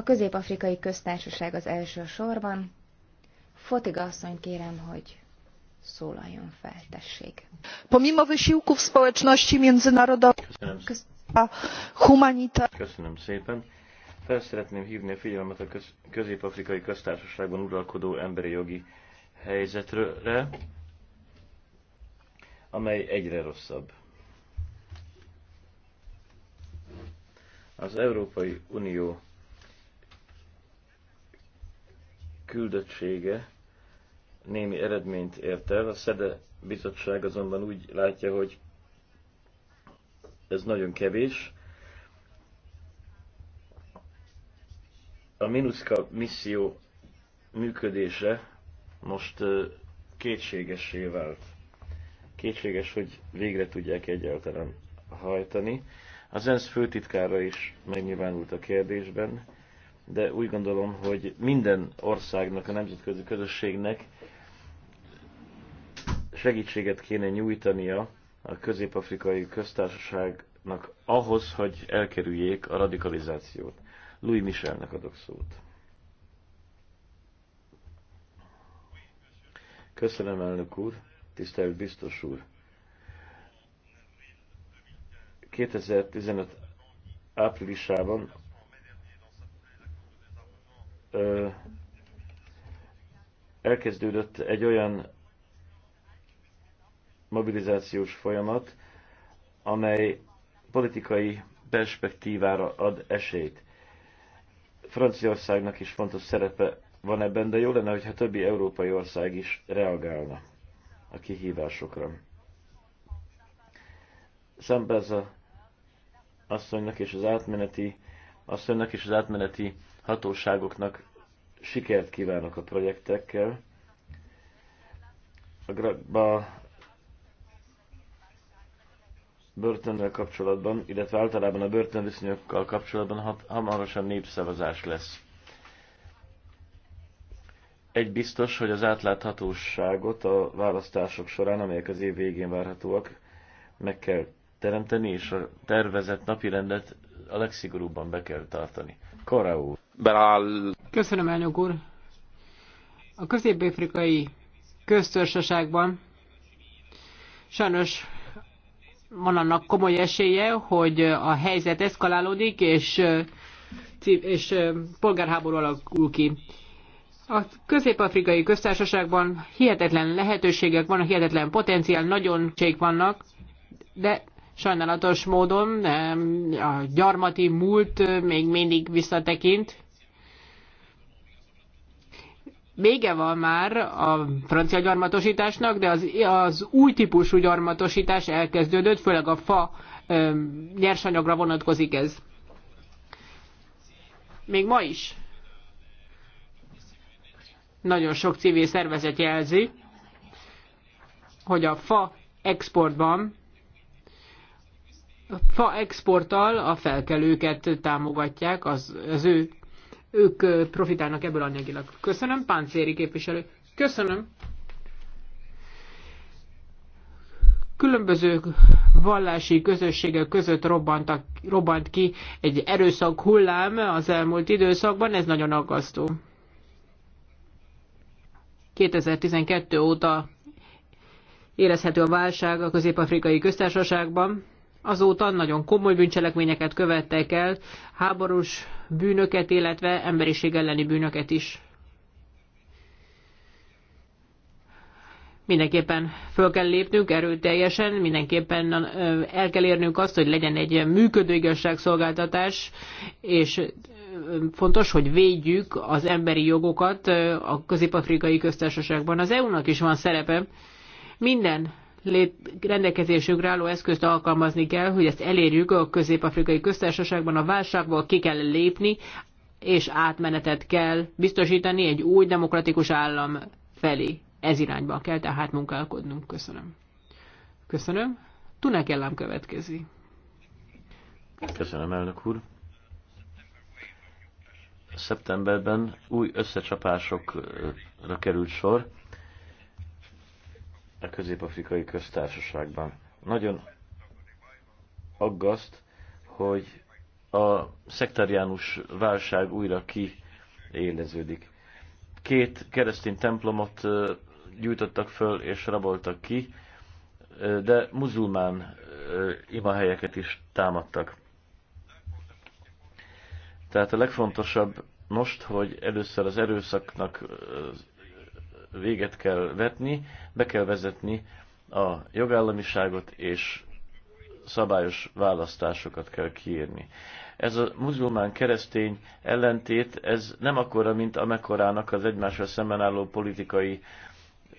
A közép-afrikai köztársaság az első sorban. Fotiga asszony kérem, hogy szólaljon fel, tessék. Pomimo wysiłków społeczności międzynarodowej a humanita... Köszönöm szépen. Fel szeretném hívni a figyelmet a köz- közép-afrikai köztársaságban uralkodó emberi jogi helyzetre, amely egyre rosszabb. Az Európai Unió küldöttsége némi eredményt ért el. A SZEDE bizottság azonban úgy látja, hogy ez nagyon kevés. A Minuszka misszió működése most kétségessé vált. Kétséges, hogy végre tudják egyáltalán hajtani. Az ENSZ főtitkára is megnyilvánult a kérdésben, de úgy gondolom, hogy minden országnak, a nemzetközi közösségnek segítséget kéne nyújtania a közép-afrikai köztársaságnak ahhoz, hogy elkerüljék a radikalizációt. Louis Michelnek adok szót. Köszönöm, elnök úr, tisztelt biztos úr. 2015 áprilisában elkezdődött egy olyan mobilizációs folyamat, amely politikai perspektívára ad esélyt. Franciaországnak is fontos szerepe van ebben, de jó lenne, hogyha többi európai ország is reagálna a kihívásokra. Szembez a asszonynak és az átmeneti asszonynak és az átmeneti hatóságoknak sikert kívánok a projektekkel. A, a börtönnel kapcsolatban, illetve általában a börtönviszonyokkal kapcsolatban hamarosan népszavazás lesz. Egy biztos, hogy az átláthatóságot a választások során, amelyek az év végén várhatóak, meg kell teremteni, és a tervezett napirendet a legszigorúbban be kell tartani. Kora úr! Köszönöm, elnök úr. A közép-afrikai köztársaságban sajnos van annak komoly esélye, hogy a helyzet eszkalálódik, és, és polgárháború alakul ki. A közép-afrikai köztársaságban hihetetlen lehetőségek vannak, hihetetlen potenciál, nagyon csék vannak, de sajnálatos módon a gyarmati múlt még mindig visszatekint vége van már a francia gyarmatosításnak, de az, az új típusú gyarmatosítás elkezdődött, főleg a fa ö, nyersanyagra vonatkozik ez. Még ma is nagyon sok civil szervezet jelzi, hogy a fa exportban fa exporttal a felkelőket támogatják, az, az ő ők profitálnak ebből anyagilag. Köszönöm, páncéri képviselő. Köszönöm. Különböző vallási közösségek között robbantak, robbant ki egy erőszak hullám az elmúlt időszakban, ez nagyon aggasztó. 2012 óta érezhető a válság a közép-afrikai köztársaságban azóta nagyon komoly bűncselekményeket követtek el, háborús bűnöket, illetve emberiség elleni bűnöket is. Mindenképpen föl kell lépnünk erőteljesen, mindenképpen el kell érnünk azt, hogy legyen egy működő igazságszolgáltatás, és fontos, hogy védjük az emberi jogokat a közép-afrikai köztársaságban. Az EU-nak is van szerepe. Minden lét, rendelkezésünkre álló eszközt alkalmazni kell, hogy ezt elérjük a közép-afrikai köztársaságban, a válságból ki kell lépni, és átmenetet kell biztosítani egy új demokratikus állam felé. Ez irányba kell tehát munkálkodnunk. Köszönöm. Köszönöm. Tunek ellám következik. Köszönöm, elnök úr. Szeptemberben új összecsapásokra került sor a közép-afrikai köztársaságban. Nagyon aggaszt, hogy a szektáriánus válság újra kiéleződik. Két keresztény templomot gyújtottak föl és raboltak ki, de muzulmán imahelyeket is támadtak. Tehát a legfontosabb most, hogy először az erőszaknak véget kell vetni, be kell vezetni a jogállamiságot és szabályos választásokat kell kiírni. Ez a muzulmán-keresztény ellentét, ez nem akkora, mint amekorának az egymással szemben álló politikai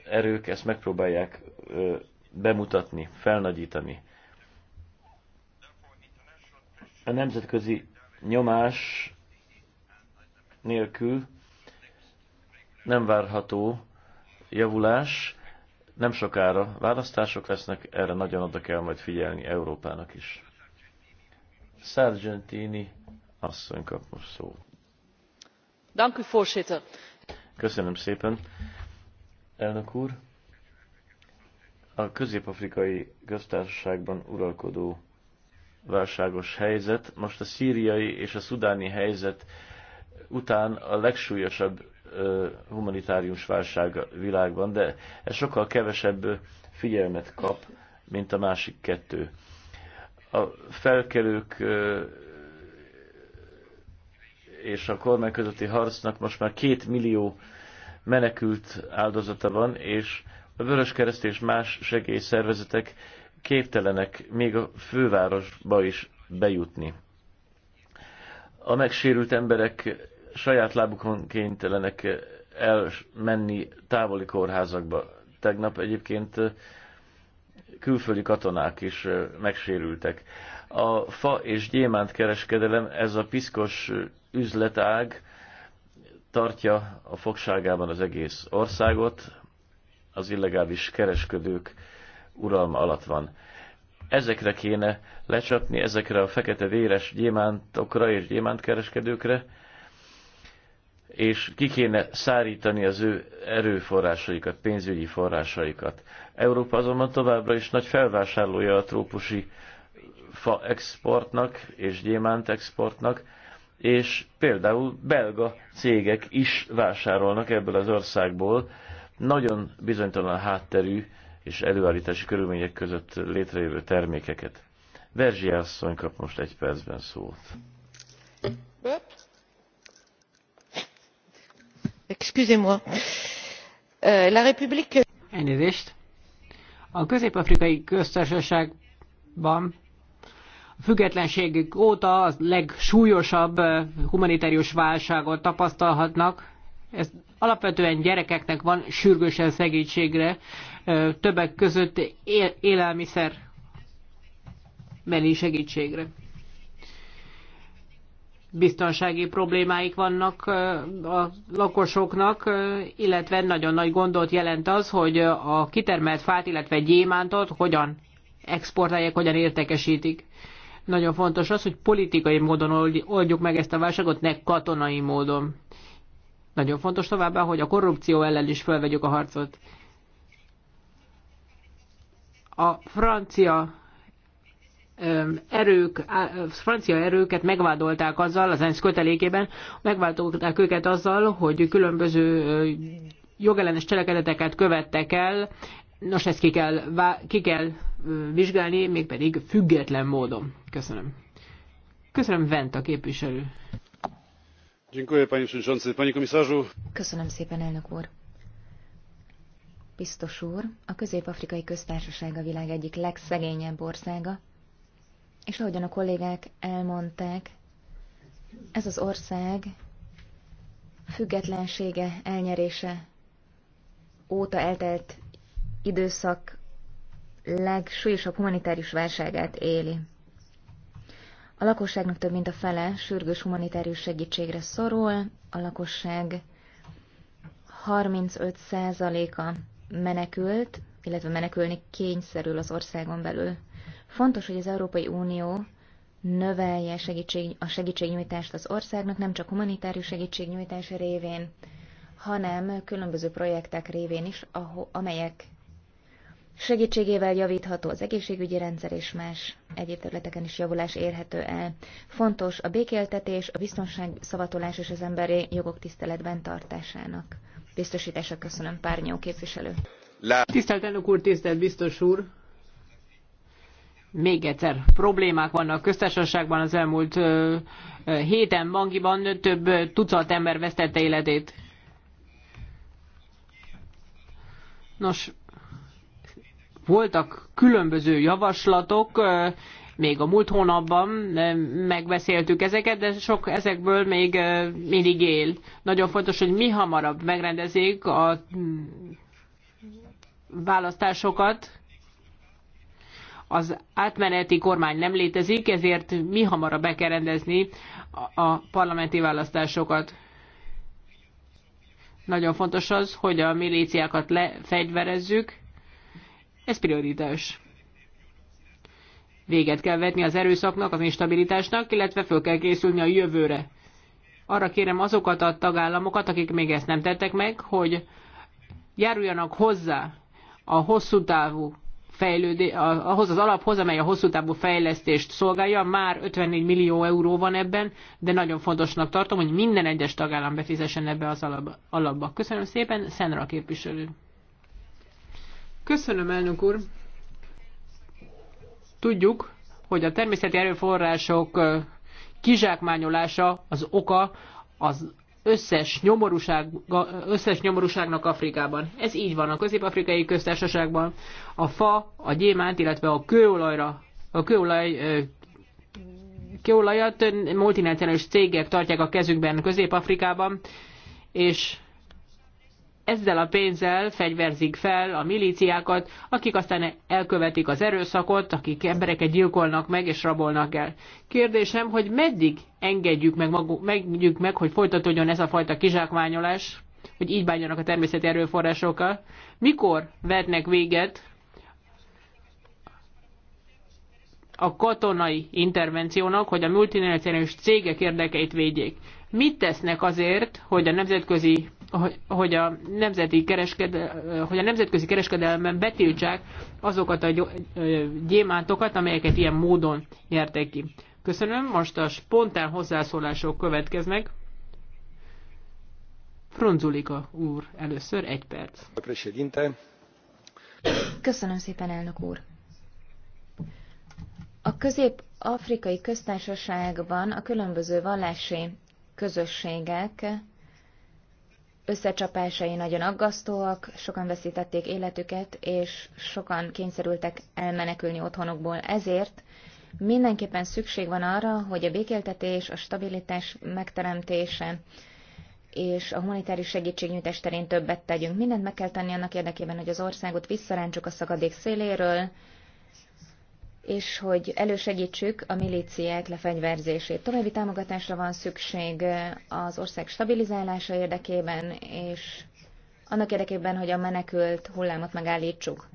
erők ezt megpróbálják bemutatni, felnagyítani. A nemzetközi nyomás nélkül nem várható javulás. Nem sokára választások lesznek, erre nagyon oda kell majd figyelni Európának is. Sargentini asszony kap most szót. voorzitter. Köszönöm szépen, elnök úr. A közép-afrikai köztársaságban uralkodó válságos helyzet most a szíriai és a szudáni helyzet után a legsúlyosabb humanitárius válság világban, de ez sokkal kevesebb figyelmet kap, mint a másik kettő. A felkelők és a kormány közötti harcnak most már két millió menekült áldozata van, és a Vöröskereszt és más segélyszervezetek képtelenek még a fővárosba is bejutni. A megsérült emberek saját lábukon kénytelenek eh, elmenni távoli kórházakba. Tegnap egyébként eh, külföldi katonák is eh, megsérültek. A fa és gyémánt kereskedelem, ez a piszkos üzletág tartja a fogságában az egész országot, az illegális kereskedők uralma alatt van. Ezekre kéne lecsapni, ezekre a fekete véres gyémántokra és gyémántkereskedőkre, és ki kéne szárítani az ő erőforrásaikat, pénzügyi forrásaikat. Európa azonban továbbra is nagy felvásárlója a trópusi fa exportnak és gyémánt exportnak, és például belga cégek is vásárolnak ebből az országból, nagyon bizonytalan hátterű és előállítási körülmények között létrejövő termékeket. Verzsi asszony kap most egy percben szót. Euh, euh, Elnézést. A közép-afrikai köztársaságban a függetlenségük óta a legsúlyosabb humanitárius válságot tapasztalhatnak. Ez alapvetően gyerekeknek van sürgősen segítségre, többek között élelmiszer segítségre biztonsági problémáik vannak a lakosoknak, illetve nagyon nagy gondot jelent az, hogy a kitermelt fát, illetve gyémántot hogyan exportálják, hogyan értekesítik. Nagyon fontos az, hogy politikai módon oldjuk meg ezt a válságot, ne katonai módon. Nagyon fontos továbbá, hogy a korrupció ellen is felvegyük a harcot. A francia erők, francia erőket megvádolták azzal, az ENSZ kötelékében, megvádolták őket azzal, hogy különböző jogellenes cselekedeteket követtek el, nos ezt ki kell, ki kell vizsgálni, mégpedig független módon. Köszönöm. Köszönöm Vent a képviselő. Köszönöm szépen, elnök úr. Biztos úr, a Közép-Afrikai Köztársaság a világ egyik legszegényebb országa, és ahogyan a kollégák elmondták, ez az ország függetlensége, elnyerése óta eltelt időszak legsúlyosabb humanitárius válságát éli. A lakosságnak több mint a fele sürgős humanitárius segítségre szorul, a lakosság 35%-a menekült, illetve menekülni kényszerül az országon belül. Fontos, hogy az Európai Unió növelje segítség, a segítségnyújtást az országnak, nem csak humanitárius segítségnyújtás révén, hanem különböző projektek révén is, ahol, amelyek segítségével javítható az egészségügyi rendszer és más egyéb területeken is javulás érhető el. Fontos a békéltetés, a biztonság szavatolás és az emberi jogok tiszteletben tartásának. Biztosítása köszönöm, párnyó képviselő. Tisztelt elnök úr, tisztelt biztos úr! Még egyszer, problémák vannak a köztársaságban az elmúlt ö, ö, héten Bangiban több ö, tucat ember vesztette életét. Nos, voltak különböző javaslatok, ö, még a múlt hónapban megbeszéltük ezeket, de sok ezekből még mindig él. Nagyon fontos, hogy mi hamarabb megrendezik a választásokat. Az átmeneti kormány nem létezik, ezért mi hamarabb be kell rendezni a parlamenti választásokat. Nagyon fontos az, hogy a milíciákat lefegyverezzük. Ez prioritás véget kell vetni az erőszaknak, az instabilitásnak, illetve föl kell készülni a jövőre. Arra kérem azokat a tagállamokat, akik még ezt nem tettek meg, hogy járuljanak hozzá a hosszú távú fejlődé, ahhoz az alaphoz, amely a hosszú távú fejlesztést szolgálja. Már 54 millió euró van ebben, de nagyon fontosnak tartom, hogy minden egyes tagállam befizessen ebbe az alapba. Köszönöm szépen, Szenra képviselő. Köszönöm, elnök úr. Tudjuk, hogy a természeti erőforrások kizsákmányolása az oka az összes, nyomorúság, összes nyomorúságnak Afrikában. Ez így van a közép-afrikai köztársaságban. A fa, a gyémánt, illetve a kőolajra, a kőolaj kőolajat multinacionális cégek tartják a kezükben Közép-Afrikában, és ezzel a pénzzel fegyverzik fel a milíciákat, akik aztán elkövetik az erőszakot, akik embereket gyilkolnak meg és rabolnak el. Kérdésem, hogy meddig engedjük meg, maguk, megnyük meg, hogy folytatódjon ez a fajta kizsákmányolás, hogy így bánjanak a természeti erőforrásokkal, mikor vetnek véget a katonai intervenciónak, hogy a multinacionális cégek érdekeit védjék. Mit tesznek azért, hogy a nemzetközi hogy a, nemzeti kereskedel, hogy a nemzetközi kereskedelemben betiltsák azokat a gyémántokat, amelyeket ilyen módon nyertek ki. Köszönöm, most a spontán hozzászólások következnek. Fronzulika úr, először egy perc. Köszönöm szépen, elnök úr. A közép-afrikai köztársaságban a különböző vallási közösségek összecsapásai nagyon aggasztóak, sokan veszítették életüket, és sokan kényszerültek elmenekülni otthonokból. Ezért mindenképpen szükség van arra, hogy a békéltetés, a stabilitás megteremtése és a humanitárius segítségnyújtás terén többet tegyünk. Mindent meg kell tenni annak érdekében, hogy az országot visszarántsuk a szakadék széléről, és hogy elősegítsük a milíciák lefegyverzését. További támogatásra van szükség az ország stabilizálása érdekében, és annak érdekében, hogy a menekült hullámot megállítsuk.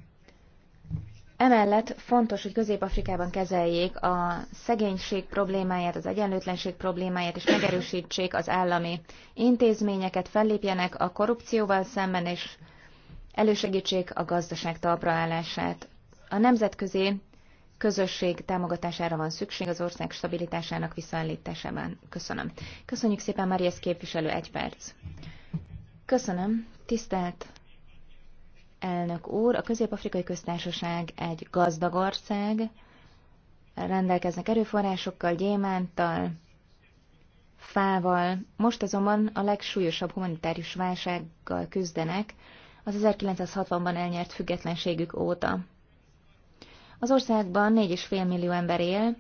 Emellett fontos, hogy Közép-Afrikában kezeljék a szegénység problémáját, az egyenlőtlenség problémáját, és megerősítsék az állami intézményeket, fellépjenek a korrupcióval szemben, és elősegítsék a gazdaság talpraállását. A nemzetközi közösség támogatására van szükség az ország stabilitásának visszaállításában. Köszönöm. Köszönjük szépen, Marias képviselő, egy perc. Köszönöm. Tisztelt elnök úr, a Közép-Afrikai Köztársaság egy gazdag ország, rendelkeznek erőforrásokkal, gyémántal, fával. Most azonban a legsúlyosabb humanitárius válsággal küzdenek az 1960-ban elnyert függetlenségük óta. Az országban 4,5 millió ember él,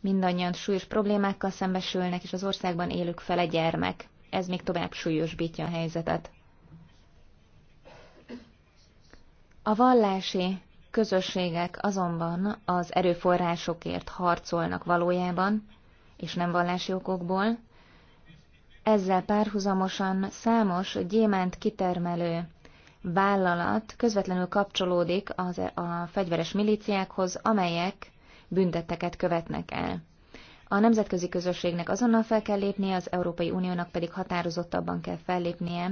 mindannyian súlyos problémákkal szembesülnek, és az országban élők fele gyermek. Ez még tovább súlyosbítja a helyzetet. A vallási közösségek azonban az erőforrásokért harcolnak valójában, és nem vallási okokból, ezzel párhuzamosan számos gyémánt kitermelő vállalat közvetlenül kapcsolódik az, e- a fegyveres milíciákhoz, amelyek büntetteket követnek el. A nemzetközi közösségnek azonnal fel kell lépnie, az Európai Uniónak pedig határozottabban kell fellépnie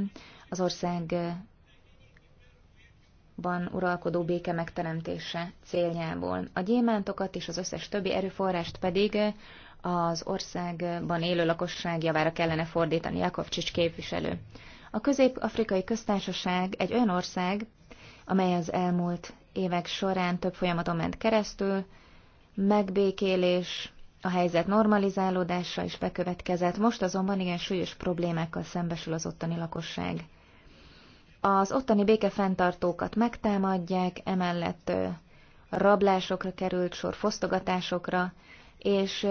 az országban uralkodó béke megteremtése céljából. A gyémántokat és az összes többi erőforrást pedig az országban élő lakosság javára kellene fordítani, Jakovcsics képviselő. A Közép-Afrikai Köztársaság egy olyan ország, amely az elmúlt évek során több folyamaton ment keresztül, megbékélés, a helyzet normalizálódása is bekövetkezett, most azonban igen súlyos problémákkal szembesül az ottani lakosság. Az ottani békefenntartókat megtámadják, emellett rablásokra került sor, fosztogatásokra, és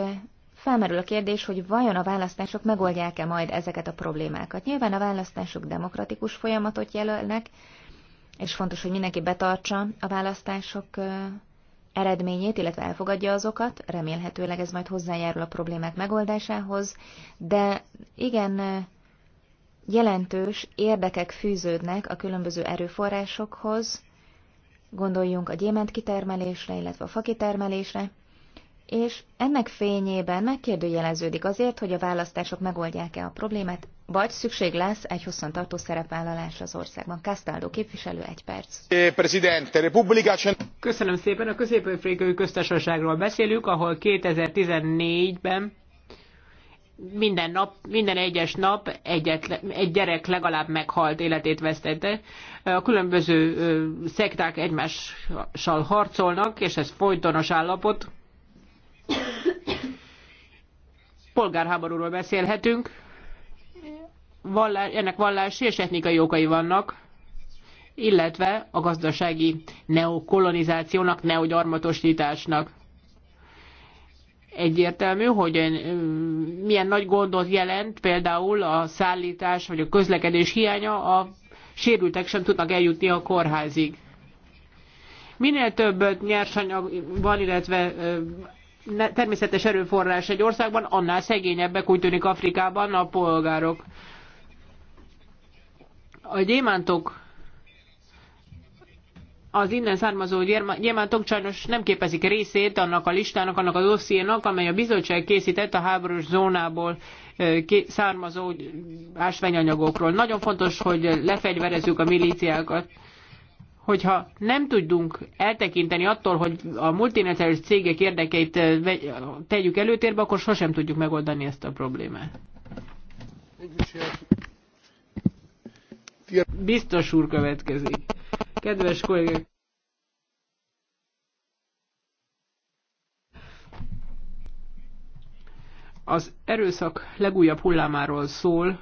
felmerül a kérdés, hogy vajon a választások megoldják-e majd ezeket a problémákat. Nyilván a választások demokratikus folyamatot jelölnek, és fontos, hogy mindenki betartsa a választások eredményét, illetve elfogadja azokat, remélhetőleg ez majd hozzájárul a problémák megoldásához, de igen, jelentős érdekek fűződnek a különböző erőforrásokhoz, gondoljunk a gyémánt kitermelésre, illetve a fakitermelésre, és ennek fényében megkérdőjeleződik azért, hogy a választások megoldják-e a problémát, vagy szükség lesz egy hosszantartó szerepvállalás az országban. Castaldo képviselő, egy perc. Eh, Köszönöm szépen. A közép-afrikai köztársaságról beszélünk, ahol 2014-ben minden nap, minden egyes nap egyet, egy gyerek legalább meghalt, életét vesztette. A különböző szekták egymással harcolnak, és ez folytonos állapot. Polgárháborúról beszélhetünk, vallás, ennek vallási és etnikai okai vannak, illetve a gazdasági neokolonizációnak, neogyarmatosításnak. Egyértelmű, hogy milyen nagy gondot jelent például a szállítás vagy a közlekedés hiánya, a sérültek sem tudnak eljutni a kórházig. Minél több nyersanyag van, illetve természetes erőforrás egy országban, annál szegényebbek, úgy tűnik Afrikában a polgárok. A gyémántok az innen származó gyémántok sajnos nem képezik részét annak a listának, annak az dossziénak, amely a bizottság készített a háborús zónából származó ásványanyagokról. Nagyon fontos, hogy lefegyverezzük a milíciákat hogyha nem tudunk eltekinteni attól, hogy a multinacionalis cégek érdekeit eh, tegyük előtérbe, akkor sosem tudjuk megoldani ezt a problémát. Biztos úr következik. Kedves kollégák! Az erőszak legújabb hullámáról szól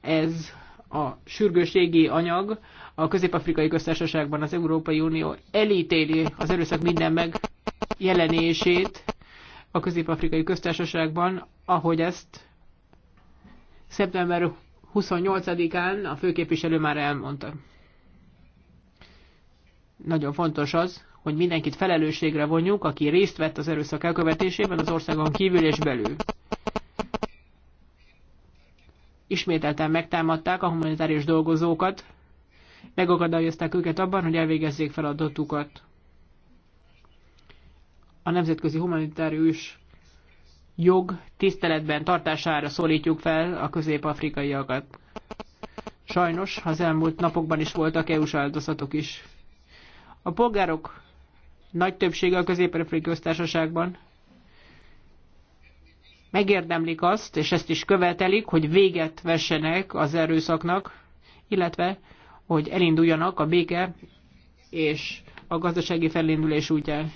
ez a sürgőségi anyag, a közép-afrikai köztársaságban az Európai Unió elítéli az erőszak minden megjelenését a közép-afrikai köztársaságban, ahogy ezt szeptember 28-án a főképviselő már elmondta. Nagyon fontos az, hogy mindenkit felelősségre vonjuk, aki részt vett az erőszak elkövetésében az országon kívül és belül. Ismételten megtámadták a humanitárius dolgozókat, megakadályozták őket abban, hogy elvégezzék feladatukat. A nemzetközi humanitárius jog tiszteletben tartására szólítjuk fel a közép-afrikaiakat. Sajnos az elmúlt napokban is voltak EU-s áldozatok is. A polgárok nagy többsége a közép-afrikai köztársaságban megérdemlik azt, és ezt is követelik, hogy véget vessenek az erőszaknak, illetve hogy elinduljanak a béke és a gazdasági felindulás útján.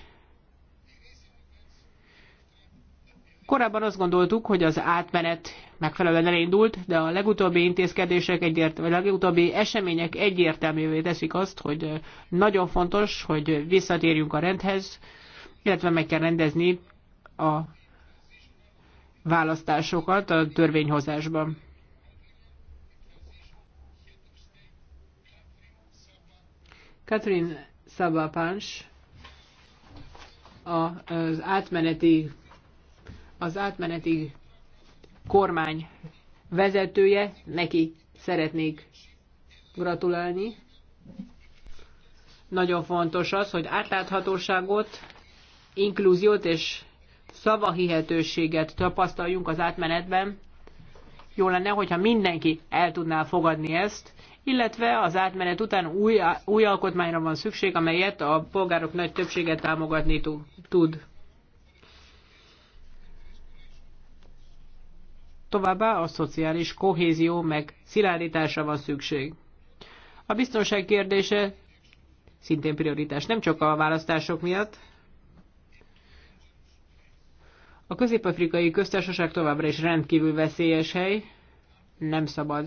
Korábban azt gondoltuk, hogy az átmenet megfelelően elindult, de a legutóbbi intézkedések, egyért, vagy a legutóbbi események egyértelművé teszik azt, hogy nagyon fontos, hogy visszatérjünk a rendhez, illetve meg kell rendezni a választásokat a törvényhozásban. Katrin Szabapáns az átmeneti, az átmeneti kormány vezetője, neki szeretnék gratulálni. Nagyon fontos az, hogy átláthatóságot, inkluziót és szavahihetőséget tapasztaljunk az átmenetben. Jó lenne, hogyha mindenki el tudná fogadni ezt, illetve az átmenet után új, új alkotmányra van szükség, amelyet a polgárok nagy többsége támogatni tud. Továbbá a szociális kohézió meg szilárdítása van szükség. A biztonság kérdése szintén prioritás, nem csak a választások miatt. A közép-afrikai köztársaság továbbra is rendkívül veszélyes hely, nem szabad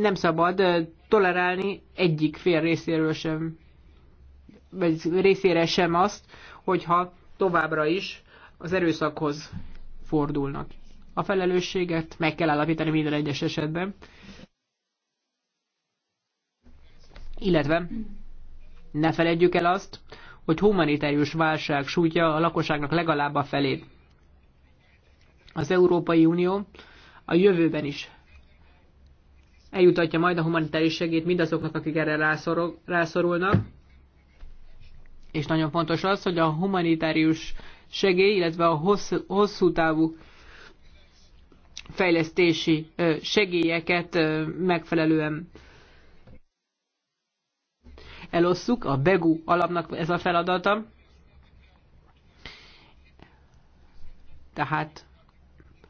nem szabad tolerálni egyik fél részéről sem, vagy részére sem azt, hogyha továbbra is az erőszakhoz fordulnak. A felelősséget meg kell állapítani minden egyes esetben, illetve ne feledjük el azt, hogy humanitárius válság sújtja a lakosságnak legalább a felét. Az Európai Unió a jövőben is eljutatja majd a humanitárius segét mindazoknak, akik erre rászorulnak. És nagyon fontos az, hogy a humanitárius segély, illetve a hosszú, hosszú távú fejlesztési segélyeket megfelelően elosszuk. A BEGU alapnak ez a feladata. Tehát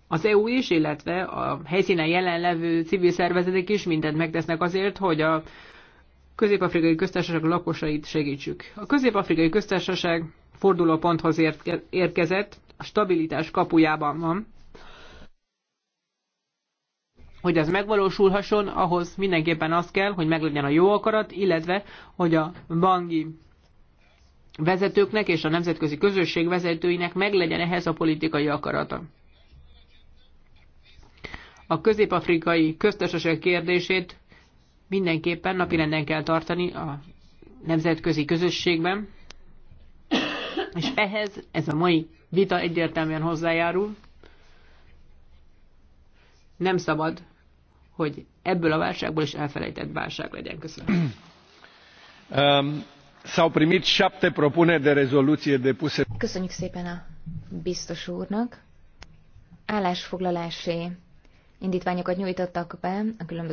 az EU is, illetve a helyszínen jelenlevő civil szervezetek is mindent megtesznek azért, hogy a közép-afrikai köztársaság lakosait segítsük. A közép-afrikai köztársaság fordulóponthoz érkezett, a stabilitás kapujában van. Hogy ez megvalósulhasson, ahhoz mindenképpen az kell, hogy meglegyen a jó akarat, illetve, hogy a bangi vezetőknek és a nemzetközi közösség vezetőinek meglegyen ehhez a politikai akarata a közép-afrikai köztársaság kérdését mindenképpen napirenden kell tartani a nemzetközi közösségben, és ehhez ez a mai vita egyértelműen hozzájárul. Nem szabad, hogy ebből a válságból is elfelejtett válság legyen. Köszönöm. Um, S-au primit șapte propuneri de rezoluție depuse. Köszönjük szépen a biztos úrnak. Állásfoglalásé indítványokat nyújtottak be a különböző